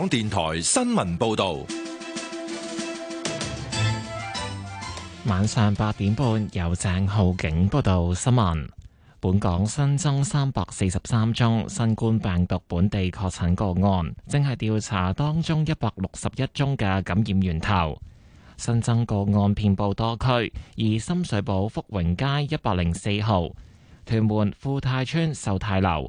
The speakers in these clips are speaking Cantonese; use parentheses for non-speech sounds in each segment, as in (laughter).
港電台新聞報道，晚上八點半由鄭浩景報道新聞。本港新增三百四十三宗新冠病毒本地確診個案，正係調查當中一百六十一宗嘅感染源頭。新增個案遍佈多區，而深水埗福榮街一百零四號、屯門富泰村壽泰樓、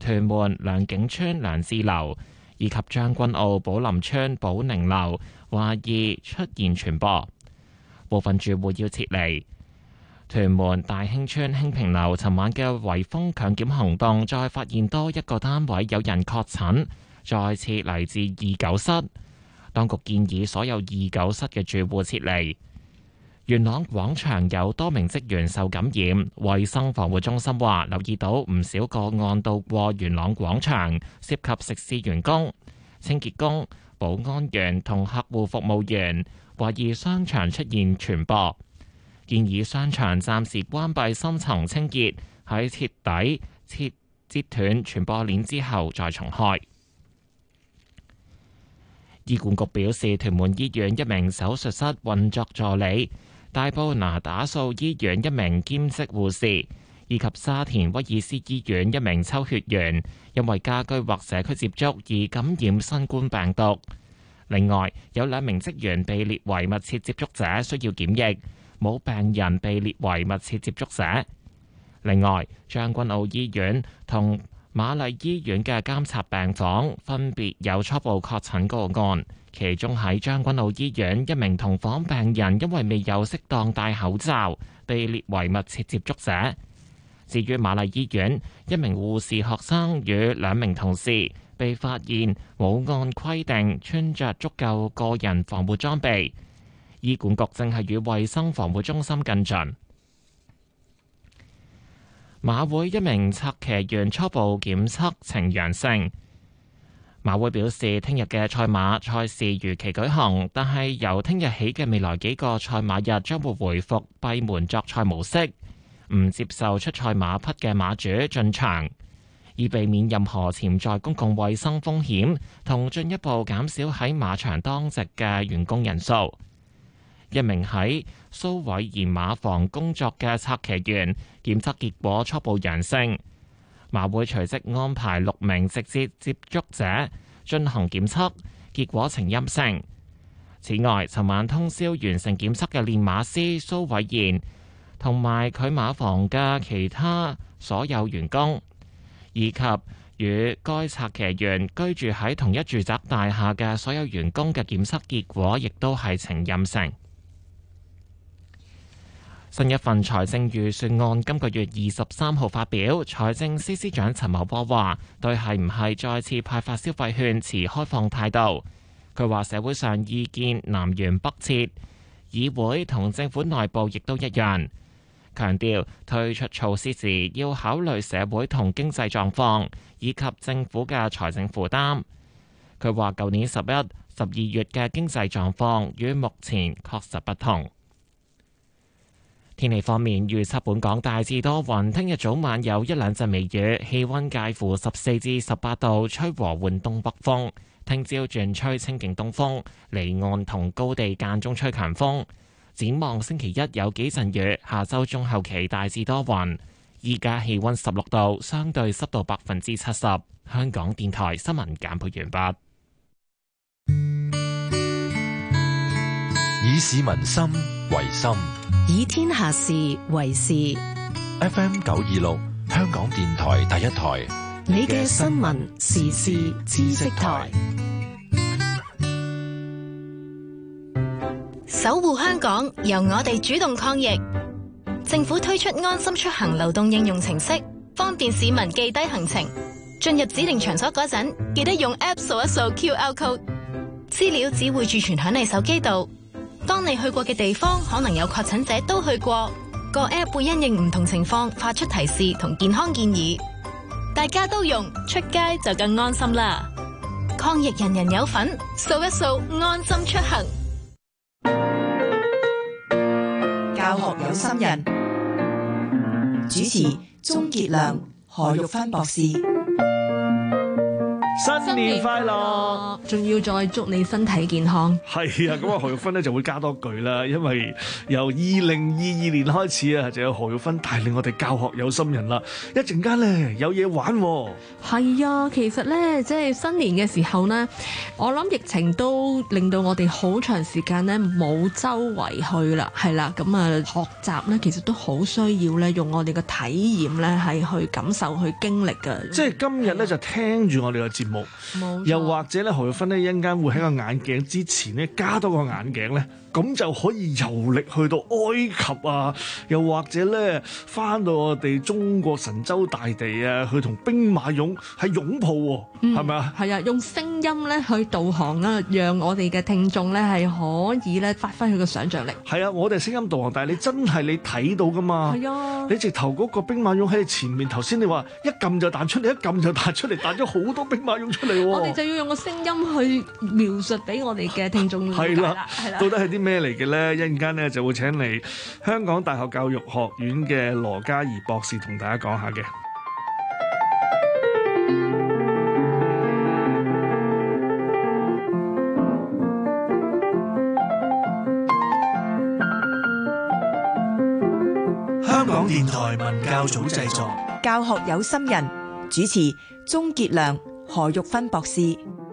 屯門良景村良智樓。以及將軍澳寶林邨寶寧樓懷疑出現傳播，部分住戶要撤離。屯門大興村興平樓，尋晚嘅圍封強檢行動再發現多一個單位有人確診，再次嚟自二九室。當局建議所有二九室嘅住戶撤離。元朗廣場有多名職員受感染，衛生防護中心話留意到唔少個案到過元朗廣場，涉及食肆員工、清潔工、保安員同客戶服務員，懷疑商場出現傳播，建議商場暫時關閉深層清潔，喺徹底切斷傳播鏈之後再重開。醫管局表示，屯門醫院一名手術室運作助理，大埔那打素醫院一名兼職護士，以及沙田威爾斯醫院一名抽血員，因為家居或社區接觸而感染新冠病毒。另外有兩名職員被列為密切接觸者，需要檢疫。冇病人被列為密切接觸者。另外將軍澳醫院同瑪麗醫院嘅監察病房分別有初步確診個案，其中喺將軍澳醫院一名同房病人因為未有適當戴口罩，被列為密切接觸者。至於瑪麗醫院，一名護士學生與兩名同事被發現冇按規定穿着足夠個人防護裝備。醫管局正係與衛生防護中心跟進。馬會一名策騎員初步檢測呈陽性。馬會表示，聽日嘅賽馬賽事如期舉行，但係由聽日起嘅未來幾個賽馬日，將會回復閉門作賽模式，唔接受出賽馬匹嘅馬主進場，以避免任何潛在公共衛生風險，同進一步減少喺馬場當值嘅員工人數。一名喺蘇偉賢馬房工作嘅策騎員檢測結果初步陽性，馬會隨即安排六名直接接觸者進行檢測，結果呈陰性。此外，尋晚通宵完成檢測嘅練馬師蘇偉賢，同埋佢馬房嘅其他所有員工，以及與該策騎員居住喺同一住宅大廈嘅所有員工嘅檢測結果，亦都係呈陰性。新一份財政預算案今個月二十三號發表，財政司司長陳茂波話：對係唔係再次派發消費券持開放態度。佢話社會上意見南懸北切，議會同政府內部亦都一樣。強調推出措施時要考慮社會同經濟狀況以及政府嘅財政負擔。佢話：舊年十一、十二月嘅經濟狀況與目前確實不同。天氣方面，預測本港大致多雲，聽日早晚有一兩陣微雨，氣溫介乎十四至十八度，吹和緩東北風。聽朝轉吹清勁東風，離岸同高地間中吹強風。展望星期一有幾陣雨，下周中後期大致多雲。依家氣溫十六度，相對濕度百分之七十。香港電台新聞簡報完畢，以市民心為心。以天下事為事。FM 九二六，香港電台第一台，你嘅新聞時事知識台。守護香港，由我哋主動抗疫。政府推出安心出行流動應用程式，方便市民記低行程。進入指定場所嗰陣，記得用 App 掃一掃 QR code，資料只會儲存響你手機度。當你去過嘅地方可能有確診者都去過，個 App 會因應唔同情況發出提示同健康建議，大家都用出街就更安心啦！抗疫人人有份，掃一掃安心出行。教學有心人，主持鍾傑良、何玉芬博士。新年快樂，仲要再祝你身體健康。係啊，咁啊何玉芬咧就會加多句啦， (laughs) 因為由二零二二年開始啊，就有何玉芬帶領我哋教學有心人啦。一陣間咧有嘢玩喎。係啊，其實咧即係新年嘅時候咧，我諗疫情都令到我哋好長時間咧冇周圍去啦，係啦、啊，咁啊學習咧其實都好需要咧用我哋嘅體驗咧係去感受去經歷嘅。即係今日咧、啊、就聽住我哋嘅節。冇，又或者咧，何玉芬呢？一陣間會喺個眼鏡之前咧加多個眼鏡咧，咁就可以遊歷去到埃及啊，又或者咧翻到我哋中國神州大地啊，去同兵馬俑係擁抱喎，係咪啊？係、嗯、吧啊，用聲音咧去導航啊，讓我哋嘅聽眾咧係可以咧發揮佢嘅想像力。係啊，我哋聲音導航，但係你真係你睇到噶嘛？係啊，你直頭嗰個兵馬俑喺你前面，頭先你話一撳就彈出嚟，一撳就彈出嚟，彈咗好多兵馬。 (laughs) 我哋就要用個聲音去描述俾我哋嘅聽眾。係啦，係啦，係啦。到底係啲咩嚟嘅咧？一陣間咧，就會請嚟香港大學教育學院嘅羅嘉怡博士同大家講下嘅。香港電台文教組製作，教學有心人主持鍾傑良。何玉芬博士，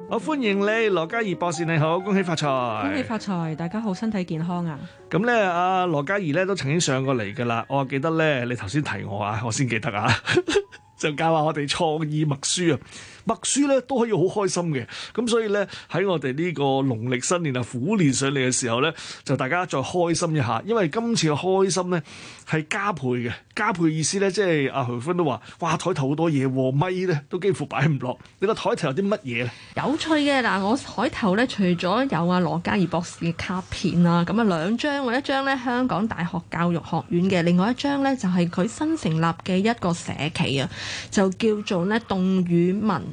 我歡迎你，羅嘉怡博士，你好，恭喜發財，恭喜發財，大家好，身體健康啊！咁咧，阿羅嘉怡咧都曾經上過嚟噶啦，我記得咧，你頭先提我啊，我先記得啊， (laughs) 就教下我哋創意默書啊。默書咧都可以好開心嘅，咁所以咧喺我哋呢個農曆新年啊虎年上嚟嘅時候咧，就大家再開心一下，因為今次嘅開心咧係加倍嘅，加倍意思咧即係阿培芬都話，哇台頭好多嘢，咪咧都幾乎擺唔落，你個台頭有啲乜嘢咧？有趣嘅嗱，我台頭咧除咗有阿羅嘉怡博士嘅卡片啊，咁啊兩張，或一張咧香港大學教育學院嘅，另外一張咧就係、是、佢新成立嘅一個社企啊，就叫做咧動語文。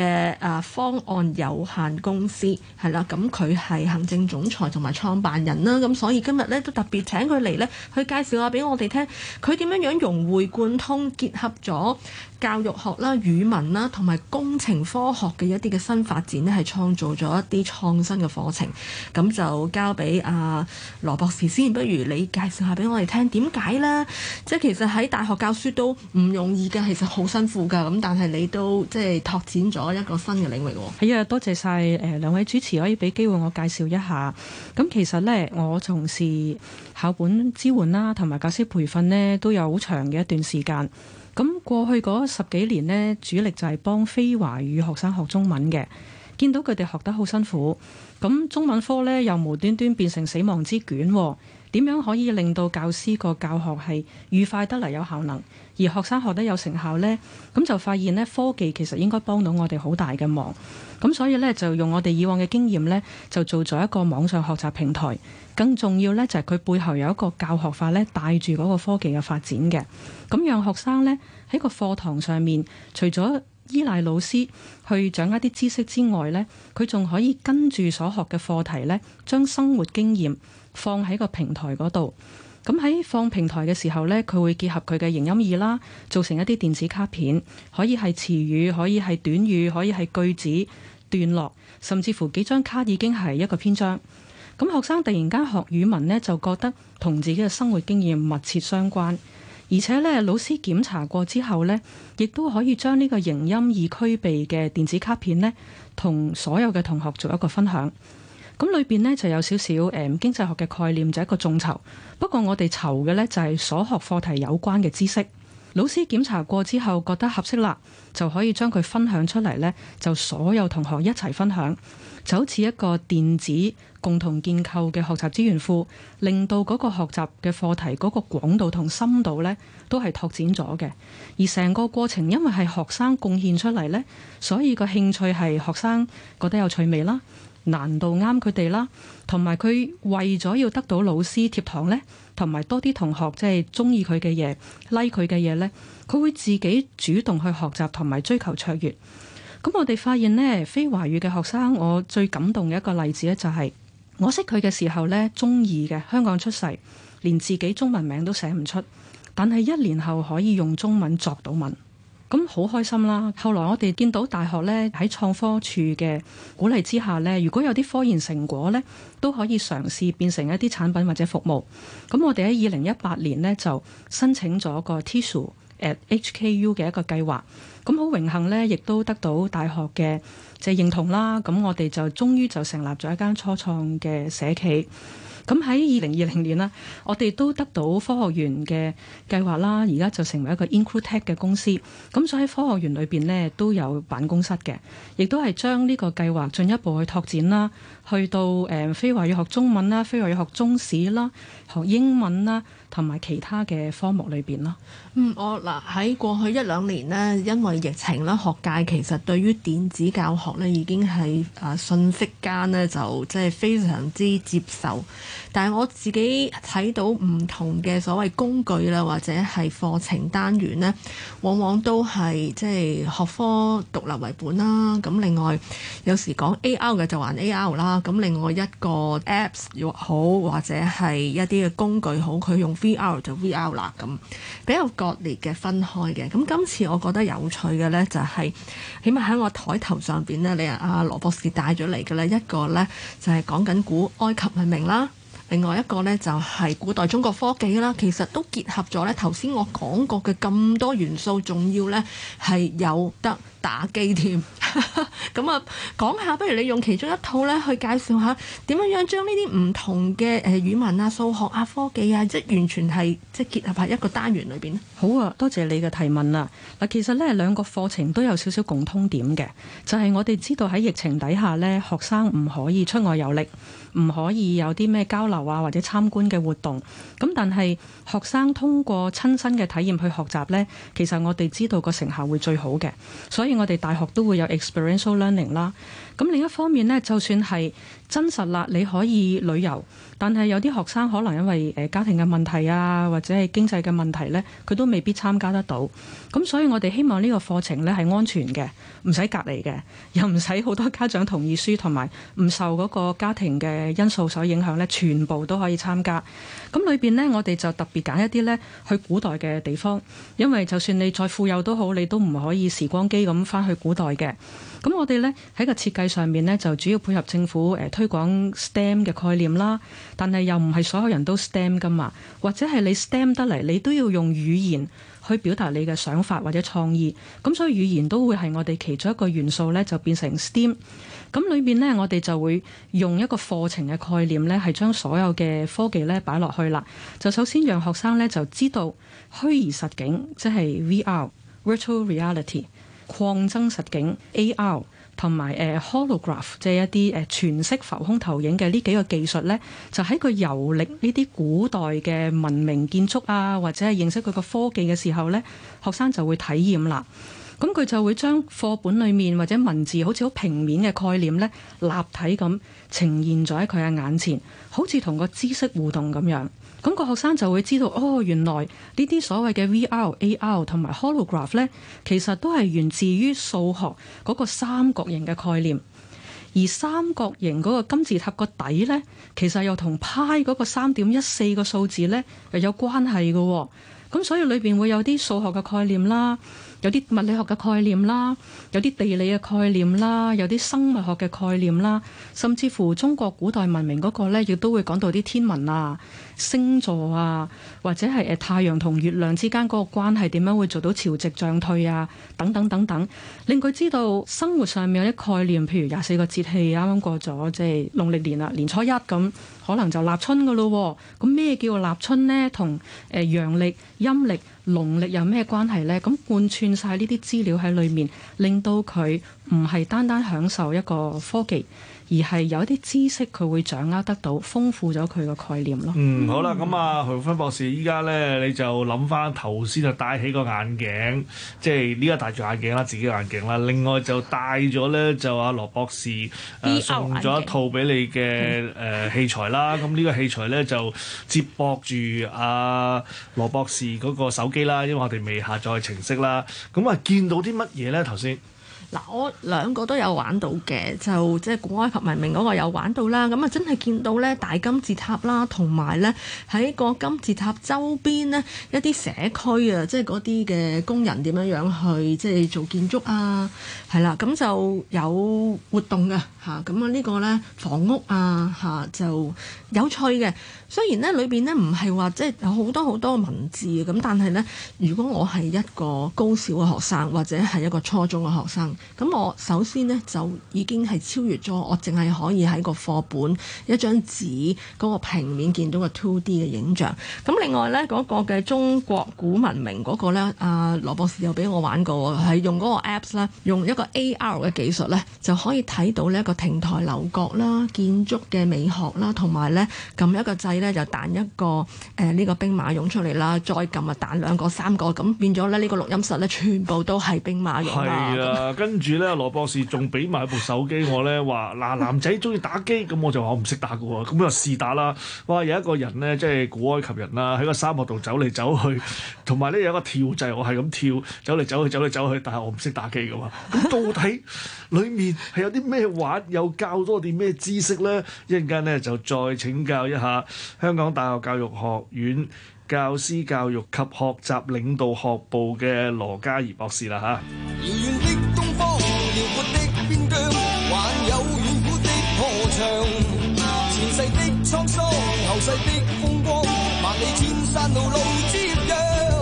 嘅啊方案有限公司係啦，咁佢係行政總裁同埋創辦人啦，咁、嗯、所以今日咧都特別請佢嚟咧，去介紹下俾我哋聽，佢點樣樣融會貫通結合咗教育學啦、語文啦同埋工程科學嘅一啲嘅新發展咧，係創造咗一啲創新嘅課程。咁、嗯、就交俾阿羅博士先，不如你介紹下俾我哋聽，點解咧？即係其實喺大學教書都唔容易嘅，其實好辛苦噶，咁但係你都即係拓展咗。攞一個新嘅領域喎，係啊。多謝晒，誒，兩位主持，可以俾機會我介紹一下。咁其實呢，我從事校本支援啦，同埋教師培訓呢，都有好長嘅一段時間。咁過去嗰十幾年呢，主力就係幫非華語學生學中文嘅，見到佢哋學得好辛苦，咁中文科呢，又無端端變成死亡之卷，點樣可以令到教師個教學係愉快得嚟有效能？而學生學得有成效呢，咁就發現呢，科技其實應該幫到我哋好大嘅忙。咁所以呢，就用我哋以往嘅經驗呢，就做咗一個網上學習平台。更重要呢，就係佢背後有一個教學法呢，帶住嗰個科技嘅發展嘅。咁讓學生呢，喺個課堂上面，除咗依賴老師去掌握啲知識之外呢，佢仲可以跟住所學嘅課題呢，將生活經驗放喺個平台嗰度。咁喺放平台嘅時候呢，佢會結合佢嘅形音義啦，做成一啲電子卡片，可以係詞語，可以係短語，可以係句子、段落，甚至乎幾張卡已經係一個篇章。咁學生突然間學語文呢，就覺得同自己嘅生活經驗密切相關，而且呢，老師檢查過之後呢，亦都可以將呢個形音義俱備嘅電子卡片呢，同所有嘅同學做一個分享。咁裏邊呢，就有少少誒經濟學嘅概念，就係一個眾籌。不過我哋籌嘅呢，就係所學課題有關嘅知識。老師檢查過之後覺得合適啦，就可以將佢分享出嚟呢，就所有同學一齊分享，就好似一個電子共同建構嘅學習資源庫，令到嗰個學習嘅課題嗰個廣度同深度呢都係拓展咗嘅。而成個過程因為係學生貢獻出嚟呢，所以個興趣係學生覺得有趣味啦。難度啱佢哋啦，同埋佢為咗要得到老師貼堂呢，同埋多啲同學即係中意佢嘅嘢拉佢嘅嘢呢，佢、就是、會自己主動去學習同埋追求卓越。咁我哋發現呢，非華語嘅學生，我最感動嘅一個例子呢、就是，就係我識佢嘅時候呢，中二嘅香港出世，連自己中文名都寫唔出，但係一年後可以用中文作到文。咁好開心啦！後來我哋見到大學呢喺創科處嘅鼓勵之下呢，如果有啲科研成果呢，都可以嘗試變成一啲產品或者服務。咁我哋喺二零一八年呢就申請咗個 Tissue at HKU 嘅一個計劃。咁好榮幸呢，亦都得到大學嘅即係認同啦。咁我哋就終於就成立咗一間初創嘅社企。咁喺二零二零年啦，我哋都得到科學園嘅計劃啦，而家就成為一個 Incu-Tech 嘅公司。咁所以喺科學園裏邊呢，都有辦公室嘅，亦都係將呢個計劃進一步去拓展啦。去到誒非華語學中文啦，非華語學中史啦，學英文啦，同埋其他嘅科目裏邊啦。嗯，我嗱喺過去一兩年呢，因為疫情啦，學界其實對於電子教學呢已經係啊瞬息間呢，就即係非常之接受。但係我自己睇到唔同嘅所謂工具啦，或者係課程單元呢，往往都係即係學科獨立為本啦。咁另外有時講 AR 嘅就還 AR 啦。咁另外一個 apps 好，或者係一啲嘅工具好，佢用 VR 就 VR 啦。咁比較割裂嘅分開嘅。咁今次我覺得有趣嘅呢、就係，就係起碼喺我台頭上邊呢。你阿羅博士帶咗嚟嘅咧，一個呢，就係講緊古埃及文明啦。另外一個呢，就係古代中國科技啦，其實都結合咗呢頭先我講過嘅咁多元素，仲要呢係有得打機添。咁 (laughs) 啊，講下不如你用其中一套呢去介紹下點樣樣將呢啲唔同嘅誒語文啊、數學啊、科技啊，即完全係即係結合喺一個單元裏邊咧。好啊，多謝你嘅提問啊。嗱，其實呢兩個課程都有少少共通點嘅，就係、是、我哋知道喺疫情底下呢，學生唔可以出外遊歷。唔可以有啲咩交流啊，或者參觀嘅活動，咁但係學生通過親身嘅體驗去學習咧，其實我哋知道個成效會最好嘅。所以我哋大學都會有 experiential learning 啦。咁另一方面咧，就算係真實啦，你可以旅遊，但係有啲學生可能因為誒家庭嘅問題啊，或者係經濟嘅問題咧，佢都未必參加得到。咁所以我哋希望呢個課程咧係安全嘅，唔使隔離嘅，又唔使好多家長同意書同埋唔受嗰個家庭嘅因素所影響咧，全部都可以參加。咁裏邊呢，我哋就特別揀一啲咧去古代嘅地方，因為就算你再富有都好，你都唔可以時光機咁返去古代嘅。咁我哋呢喺個設計上面呢，就主要配合政府誒推廣 STEM 嘅概念啦。但係又唔係所有人都 STEM 㗎嘛，或者係你 STEM 得嚟，你都要用語言去表達你嘅想法或者創意。咁所以語言都會係我哋其中一個元素呢，就變成 STEM。咁裏面呢，我哋就會用一個課程嘅概念呢，係將所有嘅科技呢擺落去啦。就首先讓學生呢就知道虛擬實境，即係 VR（Virtual Reality） 擴增實境 （AR） 同埋誒 Holograph，即係一啲誒全息浮空投影嘅呢幾個技術呢，就喺佢遊歷呢啲古代嘅文明建築啊，或者係認識佢個科技嘅時候呢，學生就會體驗啦。咁佢就會將課本裏面或者文字好似好平面嘅概念呢，立體咁呈現咗喺佢嘅眼前，好似同個知識互動咁樣。咁個學生就會知道哦，原來呢啲所謂嘅 VR、AR 同埋 Holograph 呢，其實都係源自於數學嗰個三角形嘅概念，而三角形嗰個金字塔個底呢，其實又同派嗰個三點一四個數字呢，又有關係㗎喎。咁所以裏邊會有啲數學嘅概念啦。有啲物理學嘅概念啦，有啲地理嘅概念啦，有啲生物學嘅概念啦，甚至乎中國古代文明嗰個呢，亦都會講到啲天文啊。星座啊，或者係誒太陽同月亮之間嗰個關係，點樣會做到潮汐漲退啊，等等等等，令佢知道生活上面有啲概念，譬如廿四個節氣啱啱過咗，即係農曆年啊，年初一咁，可能就立春噶咯。咁咩叫立春咧？同誒陽曆陰曆農曆有咩關係咧？咁貫穿晒呢啲資料喺裏面，令到佢唔係單單享受一個科技。而係有一啲知識，佢會掌握得到，豐富咗佢個概念咯、嗯。嗯，好啦、嗯，咁啊，何玉芬博士，依家咧你就諗翻頭先就戴起個眼鏡，即係呢家戴住眼鏡啦，自己眼鏡啦。另外就戴咗咧，就阿、啊、羅博士、呃、送咗一套俾你嘅誒、呃、器材啦。咁呢、嗯嗯、個器材咧就接駁住阿、啊、羅博士嗰個手機啦，因為我哋未下載程式啦。咁啊，啊，見到啲乜嘢咧？頭先。嗱，我兩個都有玩到嘅，就即係、就是、古埃及文明嗰個有玩到啦。咁啊，真係見到咧大金字塔啦，同埋咧喺個金字塔周邊呢，一啲社區啊，即係嗰啲嘅工人點樣樣去即係做建築啊，係啦。咁就有活動嘅嚇，咁啊個呢個咧房屋啊嚇、啊、就有趣嘅。雖然咧裏邊咧唔係話即係有好多好多文字咁，但係咧如果我係一個高小嘅學生或者係一個初中嘅學生。咁我首先呢，就已經係超越咗，我淨係可以喺個課本一張紙嗰、那個平面見到個 two D 嘅影像。咁另外呢，嗰、那個嘅中國古文明嗰個咧，阿、啊、羅博士又俾我玩過，係用嗰個 apps 咧，用一個 AR 嘅技術呢，就可以睇到呢一個亭台樓閣啦、建築嘅美學啦，同埋呢，撳一個掣呢，就彈一個誒呢、呃這個兵馬俑出嚟啦，再撳啊彈兩個三個，咁變咗咧呢個錄音室呢，全部都係兵馬俑啦。 (laughs) 跟住咧，羅博士仲俾埋部手機我咧，話，嗱，男仔中意打機，咁我就話我唔識打嘅，咁就試打啦。哇，有一個人咧，即係古埃及人啦，喺個沙漠度走嚟走去，同埋咧，有一個跳掣，我係咁跳，走嚟走去，走嚟走去，但係我唔識打機噶嘛。咁到底裏面係有啲咩玩，有教多啲咩知識咧？一陣間咧就再請教一下香港大學教育學院教師教育及學習領導學部嘅羅嘉怡博士啦，吓。遼闊的邊疆，還有遠古的河床，前世的滄桑，後世的風光，萬里千山路路接壤，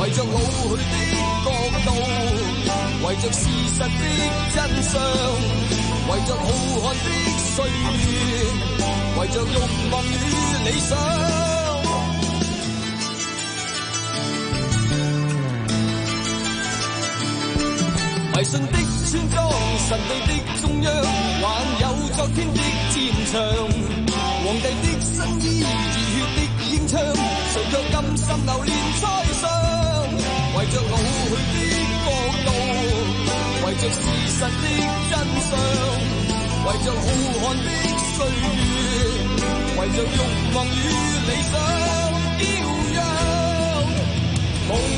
圍著老去的國度，圍著事實的真相，圍著浩瀚的歲月，圍著欲望與理想。迷信的村莊，神秘的中央，還有昨天的戰場。皇帝的新衣，熱血的英槍，誰卻甘心留戀在上？為着老去的國度，為着事實的真相，為着浩瀚的歲月，為着欲望與理想，耀揚。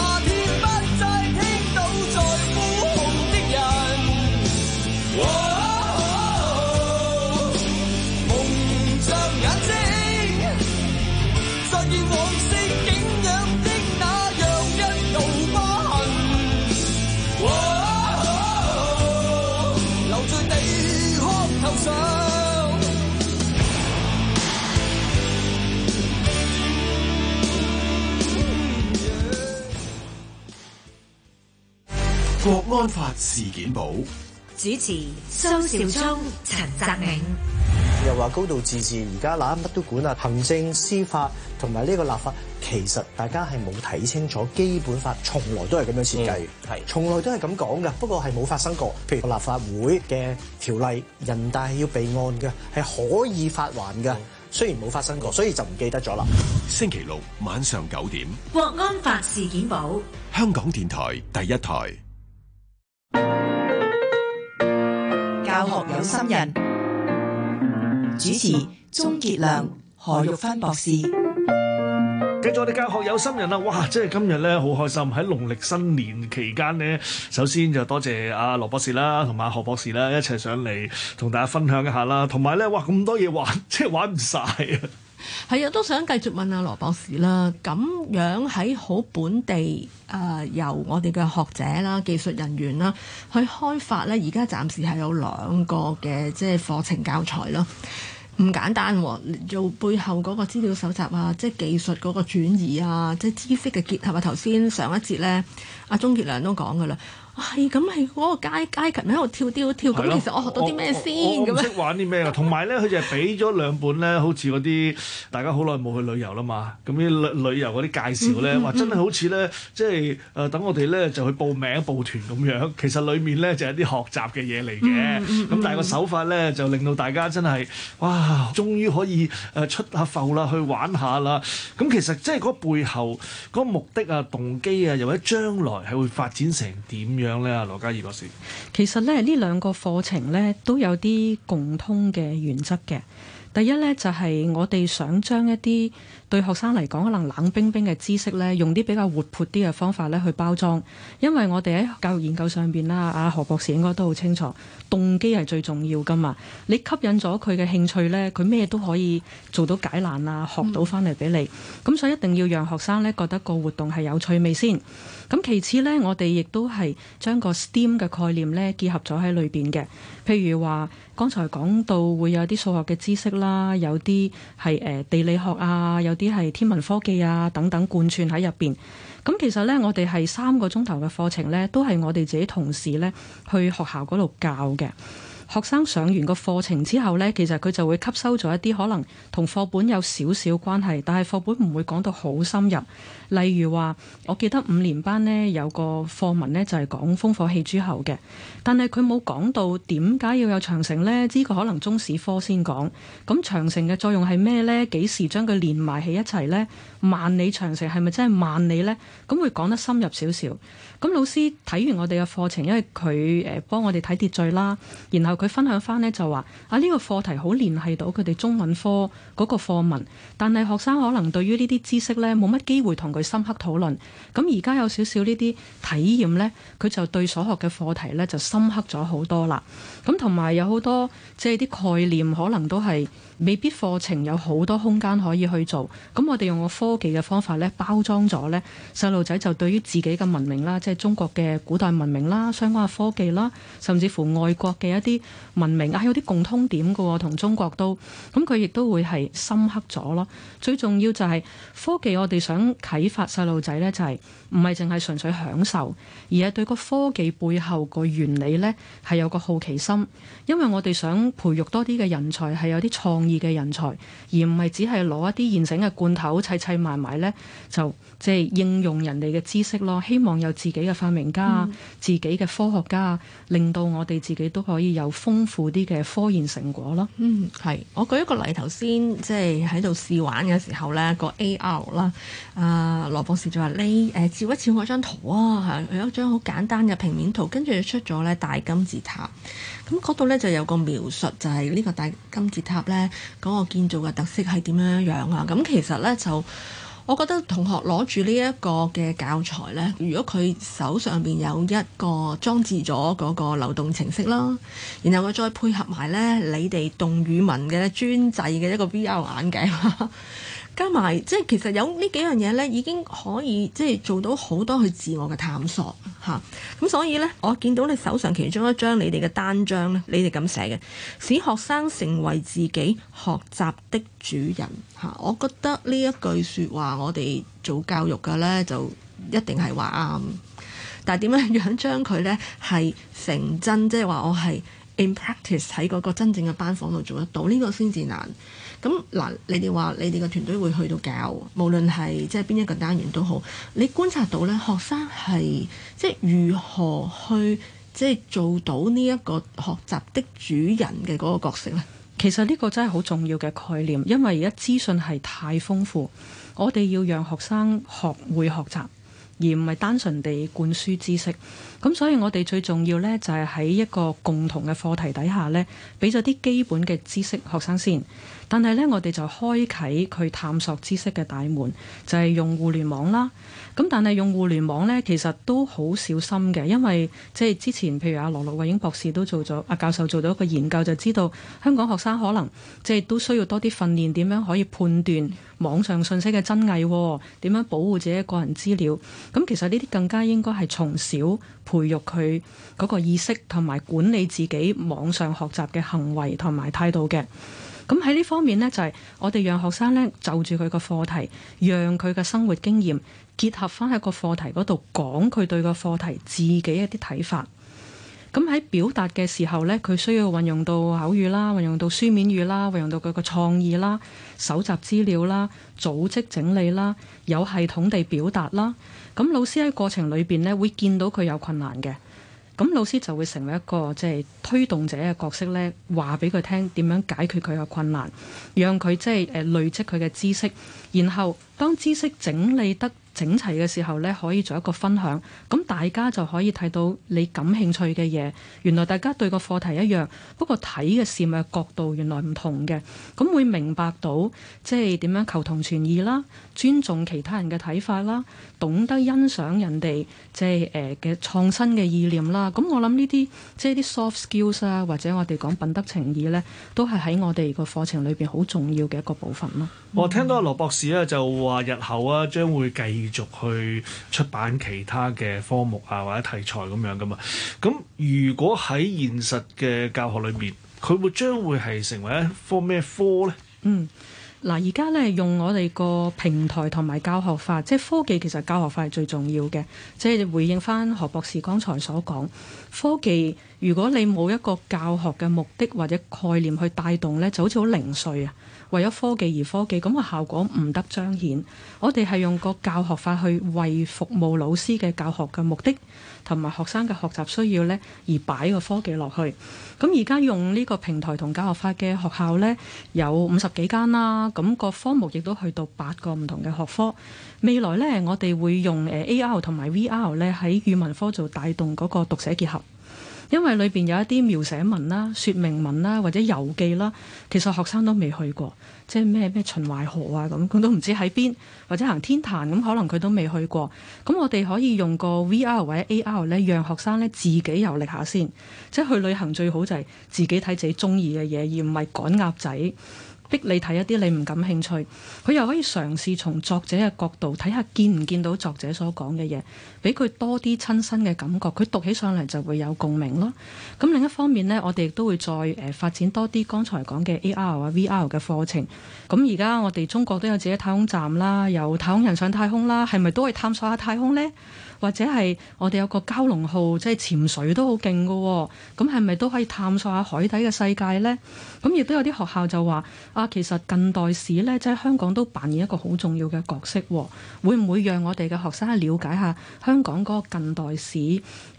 國安法事件簿，主持蘇紹聰、陳澤銘。又話高度自治，而家嗱乜都管啊！行政、司法同埋呢個立法，其實大家係冇睇清楚。基本法從來都係咁樣設計，係、嗯、從來都係咁講噶。不過係冇發生過。譬如立法會嘅條例，人大係要備案嘅，係可以發還嘅。嗯、雖然冇發生過，所以就唔記得咗啦。星期六晚上九點，國安法事件簿，香港電台第一台。教學有心人，主持鍾傑良、何玉芬博士。繼續我哋教學有心人啦！哇，即係今日咧，好開心喺農曆新年期間呢，首先就多謝阿、啊、羅博士啦，同埋、啊、何博士啦，一齊上嚟，同大家分享一下啦。同埋咧，哇，咁多嘢玩，即係玩唔晒啊！係啊，都想繼續問阿羅博士啦。咁樣喺好本地啊、呃，由我哋嘅學者啦、技術人員啦去開發咧。而家暫時係有兩個嘅即係課程教材咯，唔簡單喎。做背後嗰個資料搜集啊，即係技術嗰個轉移啊，即係知識嘅結合啊。頭先上一節咧，阿鍾傑良都講噶啦。係咁，係嗰個街街劇喺度跳跳跳。咁的其實我學到啲咩先咁樣？我唔識玩啲咩㗎。同埋咧，佢就係俾咗兩本咧，好似嗰啲大家好耐冇去旅遊啦嘛。咁啲旅旅遊嗰啲介紹咧，話、嗯嗯、真係好似咧，即係誒等我哋咧就去報名報團咁樣。其實裡面咧就有、是、啲學習嘅嘢嚟嘅。咁、嗯嗯、但係個手法咧就令到大家真係哇，終於可以誒出下埠啦，去玩下啦。咁其實即係嗰個背後嗰、那個目的啊、動機啊，又或者將來係會發展成點？樣咧，羅嘉怡博士，其實咧呢兩個課程咧都有啲共通嘅原則嘅。第一呢，就係、是、我哋想將一啲對學生嚟講可能冷冰冰嘅知識呢，用啲比較活潑啲嘅方法呢去包裝，因為我哋喺教育研究上邊啦，阿何博士應該都好清楚，動機係最重要㗎嘛。你吸引咗佢嘅興趣呢，佢咩都可以做到解難啊，學到翻嚟俾你。咁、嗯、所以一定要讓學生呢覺得個活動係有趣味先。咁其次呢，我哋亦都係將個 STEAM 嘅概念呢結合咗喺裏邊嘅。譬如話，剛才講到會有啲數學嘅知識啦，有啲係誒地理學啊，有啲係天文科技啊，等等貫串喺入邊。咁其實呢，我哋係三個鐘頭嘅課程呢，都係我哋自己同事呢去學校嗰度教嘅。學生上完個課程之後呢，其實佢就會吸收咗一啲可能同課本有少少關係，但係課本唔會講到好深入。例如話，我記得五年班呢有個課文呢，就係講烽火戲諸侯嘅，但係佢冇講到點解要有長城呢。呢個可能中史科先講。咁長城嘅作用係咩呢？幾時將佢連埋起一齊呢？「萬里長城」係咪真係萬里呢？咁會講得深入少少。咁老師睇完我哋嘅課程，因為佢誒幫我哋睇秩序啦，然後。佢分享翻呢，就話啊呢個課題好聯繫到佢哋中文科嗰個課文，但係學生可能對於呢啲知識呢冇乜機會同佢深刻討論。咁而家有少少呢啲體驗呢，佢就對所學嘅課題呢就深刻咗好多啦。咁同埋有好多即係啲概念可能都係。未必課程有好多空間可以去做，咁我哋用個科技嘅方法咧，包裝咗呢細路仔就對於自己嘅文明啦，即係中國嘅古代文明啦，相關嘅科技啦，甚至乎外國嘅一啲文明啊，有啲共通點嘅喎，同中國都，咁佢亦都會係深刻咗咯。最重要就係科技，我哋想啟發細路仔呢，就係唔係淨係純粹享受，而係對個科技背後個原理呢，係有個好奇心，因為我哋想培育多啲嘅人才係有啲創意。嘅人才，而唔係只係攞一啲現成嘅罐頭砌砌埋埋呢，就即係應用人哋嘅知識咯。希望有自己嘅發明家、嗯、自己嘅科學家，令到我哋自己都可以有豐富啲嘅科研成果咯。嗯，係。我舉一個例頭先，即係喺度試玩嘅時候呢，個 AR 啦、啊，啊羅博士就話：你誒、呃、照一照我張圖啊，係有一張好簡單嘅平面圖，跟住出咗呢大金字塔。咁嗰度咧就有個描述，就係呢個大金字塔咧，嗰個建造嘅特色係點樣樣啊？咁其實咧就，我覺得同學攞住呢一個嘅教材咧，如果佢手上邊有一個裝置咗嗰個流動程式啦，然後佢再配合埋咧你哋動語文嘅專制嘅一個 VR 眼鏡。加埋即係其實有呢幾樣嘢咧，已經可以即係做到好多去自我嘅探索嚇。咁、啊、所以咧，我見到你手上其中一張你哋嘅單張咧，你哋咁寫嘅，使學生成為自己學習的主人嚇、啊。我覺得呢一句説話，我哋做教育嘅咧，就一定係話啱。但係點樣樣將佢咧係成真，即係話我係。In practice，喺嗰個真正嘅班房度做得到，呢個先至難。咁嗱，你哋話你哋嘅團隊會去到教，無論係即係邊一個單元都好，你觀察到呢學生係即係如何去即係做到呢一個學習的主人嘅嗰個角色呢？其實呢個真係好重要嘅概念，因為而家資訊係太豐富，我哋要讓學生學會學習，而唔係單純地灌輸知識。咁所以我哋最重要呢，就係喺一個共同嘅課題底下呢，俾咗啲基本嘅知識學生先。但係呢，我哋就開啟佢探索知識嘅大門，就係用互聯網啦。咁但係用互聯網呢，其實都好小心嘅，因為即係之前，譬如阿羅陸慧英博士都做咗阿教授做咗一個研究，就知道香港學生可能即係都需要多啲訓練，點樣可以判斷網上信息嘅真偽，點樣保護自己個人資料。咁、嗯、其實呢啲更加應該係從小。培育佢嗰個意識同埋管理自己網上學習嘅行為同埋態度嘅，咁喺呢方面咧就係我哋讓學生咧就住佢個課題，讓佢嘅生活經驗結合翻喺個課題嗰度，講佢對個課題自己一啲睇法。咁喺表達嘅時候呢，佢需要運用到口語啦，運用到書面語啦，運用到佢個創意啦、搜集資料啦、組織整理啦、有系統地表達啦。咁老師喺過程裏邊呢，會見到佢有困難嘅，咁老師就會成為一個即係推動者嘅角色呢，話俾佢聽點樣解決佢嘅困難，讓佢即係累積佢嘅知識，然後當知識整理得整齊嘅時候咧，可以做一個分享，咁大家就可以睇到你感興趣嘅嘢。原來大家對個課題一樣，不過睇嘅事物角度原來唔同嘅，咁會明白到即係點樣求同存異啦，尊重其他人嘅睇法啦，懂得欣賞人哋即係誒嘅創新嘅意念啦。咁我諗呢啲即係啲 soft skills 啊，或者我哋講品德情義呢，都係喺我哋個課程裏邊好重要嘅一個部分咯。我聽到羅博士咧就話，日後啊將會繼繼續去出版其他嘅科目啊，或者題材咁樣噶嘛？咁如果喺現實嘅教學裏面，佢會將會係成為一科咩科咧？嗯，嗱，而家咧用我哋個平台同埋教學法，即係科技，其實教學法係最重要嘅，即係回應翻何博士剛才所講科技。如果你冇一個教學嘅目的或者概念去帶動呢，就好似好零碎啊。為咗科技而科技，咁個效果唔得彰顯。我哋係用個教學法去為服務老師嘅教學嘅目的同埋學生嘅學習需要呢，而擺個科技落去。咁而家用呢個平台同教學法嘅學校呢，有五十幾間啦。咁個科目亦都去到八個唔同嘅學科。未來呢，我哋會用誒 A. R. 同埋 V. R. 呢，喺語文科做帶動嗰個讀寫結合。因為裏邊有一啲描寫文啦、説明文啦或者遊記啦，其實學生都未去過，即係咩咩秦淮河啊咁，佢都唔知喺邊，或者行天壇咁，可能佢都未去過。咁我哋可以用個 VR 或者 AR 呢，讓學生咧自己遊歷下先。即係去旅行最好就係自己睇自己中意嘅嘢，而唔係趕鴨仔。逼你睇一啲你唔感興趣，佢又可以嘗試從作者嘅角度睇下見唔見到作者所講嘅嘢，俾佢多啲親身嘅感覺，佢讀起上嚟就會有共鳴咯。咁另一方面呢，我哋亦都會再誒發展多啲剛才講嘅 AR 啊 VR 嘅課程。咁而家我哋中國都有自己太空站啦，有太空人上太空啦，係咪都去探索下太空呢？或者係我哋有個蛟龍號，即係潛水都好勁嘅喎，咁係咪都可以探索下海底嘅世界呢？咁亦都有啲學校就話啊，其實近代史呢，即係香港都扮演一個好重要嘅角色喎，會唔會讓我哋嘅學生去了解下香港嗰個近代史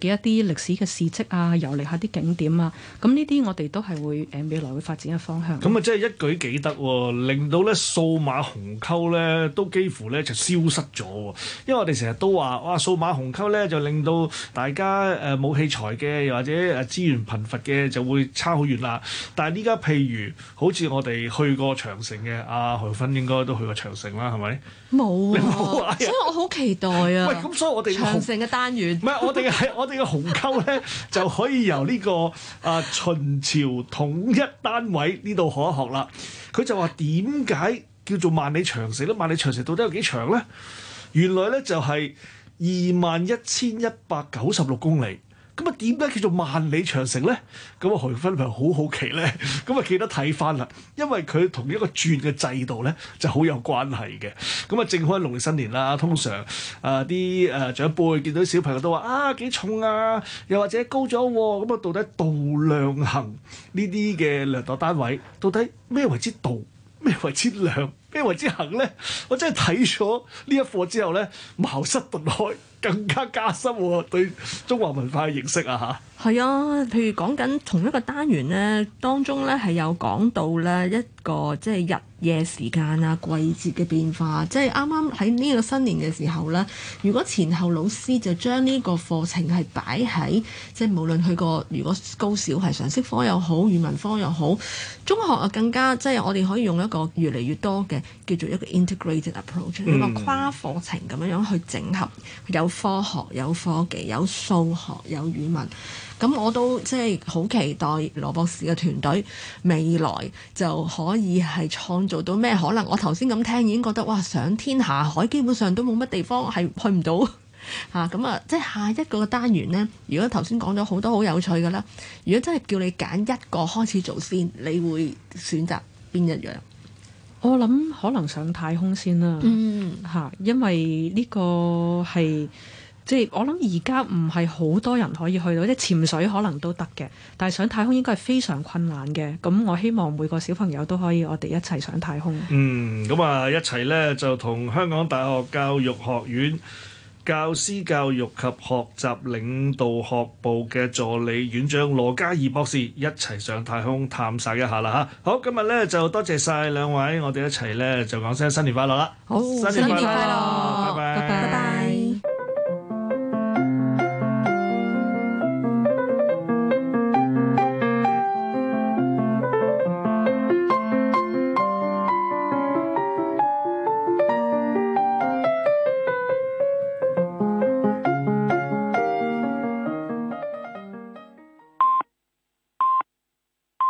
嘅一啲歷史嘅事蹟啊，遊歷下啲景點啊？咁呢啲我哋都係會誒未來會發展嘅方向。咁啊，即係一舉幾得喎、哦，令到咧數碼鴻溝呢都幾乎呢就消失咗喎，因為我哋成日都話哇數碼。鴻溝咧就令到大家誒冇、呃、器材嘅，又或者誒資源貧乏嘅，就會差好遠啦。但係呢家譬如好似我哋去過長城嘅阿、啊、何芬，應該都去過長城啦，係咪冇啊？啊所以我好期待啊！喂，咁所以我哋長城嘅單元，唔 (laughs) 係我哋係我哋嘅鴻溝咧， (laughs) 就可以由呢、呢個啊秦朝統一單位呢度學一學啦。佢就話點解叫做萬里長城咧？萬里長城到底有幾長咧？原來咧就係、是。二萬一千一百九十六公里，咁啊點解叫做萬里長城咧？咁啊何宇芬咪好好奇咧，咁啊記得睇翻啦，因為佢同一個轉嘅制度咧就好有關係嘅。咁啊正開農曆新年啦，通常啊啲誒長輩見到小朋友都話啊幾重啊，又或者高咗喎、啊，咁啊到底度量衡呢啲嘅量度單位，到底咩為之度，咩為之量？咩為之行咧？我真係睇咗呢一課之後咧，茅塞頓開，更加加深我、哦、對中華文化嘅認識啊！吓，係啊，譬如講緊同一個單元咧，當中咧係有講到咧一個即係日夜時間啊、季節嘅變化，即係啱啱喺呢個新年嘅時候咧，如果前後老師就將呢個課程係擺喺即係無論佢個如果高小係常識科又好、語文科又好，中學啊更加即係我哋可以用一個越嚟越多嘅。叫做一個 integrated approach，mm. 一個跨課程咁樣樣去整合，有科學、有科技、有數學、有語文。咁我都即係好期待羅博士嘅團隊未來就可以係創造到咩可能。我頭先咁聽已經覺得哇，上天下海基本上都冇乜地方係去唔到嚇。咁 (laughs) 啊，即係下一個單元呢，如果頭先講咗好多好有趣嘅啦，如果真係叫你揀一個開始做先，你會選擇邊一樣？我諗可能上太空先啦，嚇、嗯，因為呢個係即係我諗而家唔係好多人可以去到，即係潛水可能都得嘅，但係上太空應該係非常困難嘅。咁我希望每個小朋友都可以我哋一齊上太空。嗯，咁啊一齊呢就同香港大學教育學院。教師教育及學習領導學部嘅助理院長羅嘉怡博士一齊上太空探索一下啦，嚇！好，今日咧就多謝晒兩位，我哋一齊咧就講聲新年快樂啦！好，新年快樂，新年快樂，拜拜。